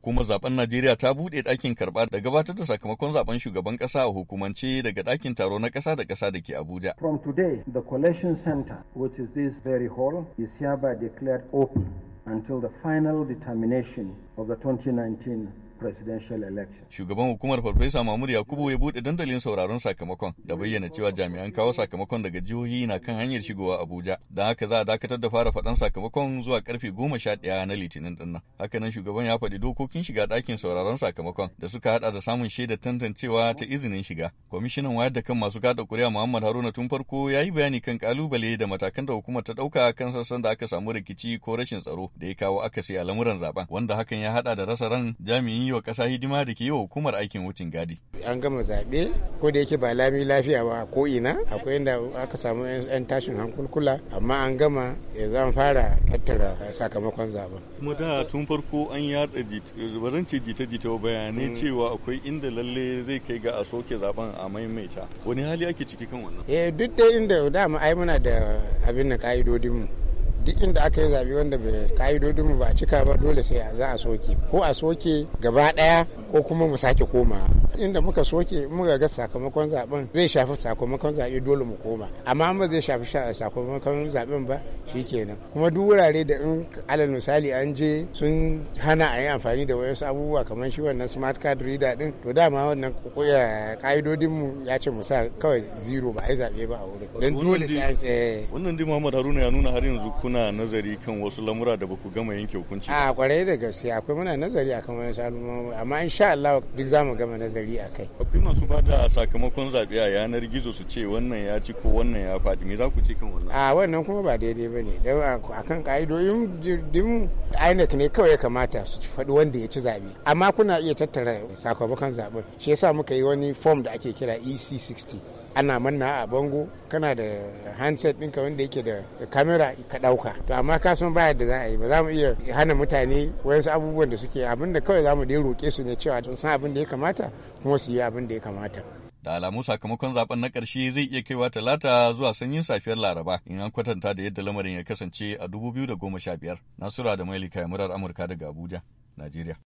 Hukumar zaben Najeriya ta buɗe ɗakin karɓa da gabatar da sakamakon zaben shugaban ƙasa a hukumance daga ɗakin taro na ƙasa da ƙasa da ke Abuja. From today, the collection center, which is this very hall, is hereby declared open until the final determination of the 2019 presidential election. Shugaban hukumar Farfesa Mamudu Yakubu ya buɗe dandalin sauraron sakamakon da bayyana cewa jami'an kawo sakamakon daga jihohi na kan hanyar shigowa Abuja. Don haka za a dakatar da fara faɗan sakamakon zuwa karfe goma sha ɗaya na Litinin ɗin nan. Hakanan shugaban ya faɗi dokokin shiga ɗakin sauraron sakamakon da suka haɗa da samun shaidar tantancewa ta izinin shiga. Kwamishinan wayar da kan masu kada ƙuri'a Muhammad Haruna tun farko ya yi bayani kan ƙalubale da matakan da hukumar ta ɗauka kan sassan da aka samu rikici ko rashin tsaro da ya kawo akasi a lamuran zaben wanda hakan ya haɗa da rasa ran jami'in yi wa ƙasa hidima da ke yi wa hukumar aikin wucin gadi. An gama zaɓe ko da yake ba lami lafiya ba ko ina akwai inda aka samu 'yan tashin hankulkula amma an gama ya zan fara tattara sakamakon zaben. Kuma da tun farko an yaɗa baranci jita-jita bayanai mm. cewa akwai inda lalle zai kai ga a soke zaben a maimaita. Wani hali ake ciki kan wannan? Eh duk da inda dama ai muna da abin na mu. duk inda aka yi zabe wanda bai ka'idodin mu ba cika ba dole sai za a soke ko a soke gaba daya ko kuma mu sake komawa inda muka soke muka ga sakamakon zaben zai shafi sakamakon zaɓe dole mu koma amma ba zai shafi sakamakon zaben ba shikenan kuma duk wurare da in alal misali an je sun hana a yi amfani da wayansu abubuwa kamar shi wannan smart card reader din to dama wannan ka'idodin mu ya ce mu sa kawai zero ba a yi zaɓe ba a wurin don dole sai an tsaye eh. wannan dai Muhammad Haruna ya nuna har yanzu kuna nazari kan wasu lamura da baku gama yanke hukunci a kwarai da gaskiya akwai muna nazari akan wayansu al'umma amma insha Allah duk zamu gama nazari gari a kai. Akwai masu ba da sakamakon zaɓe a yanar gizo su ce wannan ya ci ko wannan ya faɗi me za ku ce kan wannan? A wannan kuma ba daidai ba ne don a kan ƙa'idoyin dim INEC ne kawai ya kamata su faɗi wanda ya ci zaɓe amma kuna iya tattara sakamakon zaɓen shi yasa muka yi wani fom da ake kira EC60 ana manna a bango kana da handset ɗinka wanda yake da kamera ka ɗauka to amma ka san baya da za a yi ba za mu iya hana mutane wayansu abubuwan da suke abin da kawai za mu dai roƙe su ne cewa sun san abin da ya kamata kuma su yi abin da ya kamata da alamu sakamakon zaben na ƙarshe zai iya kaiwa talata zuwa sanyin safiyar laraba in an kwatanta da yadda lamarin ya kasance a 2015 nasura da mailika murar amurka daga abuja najeriya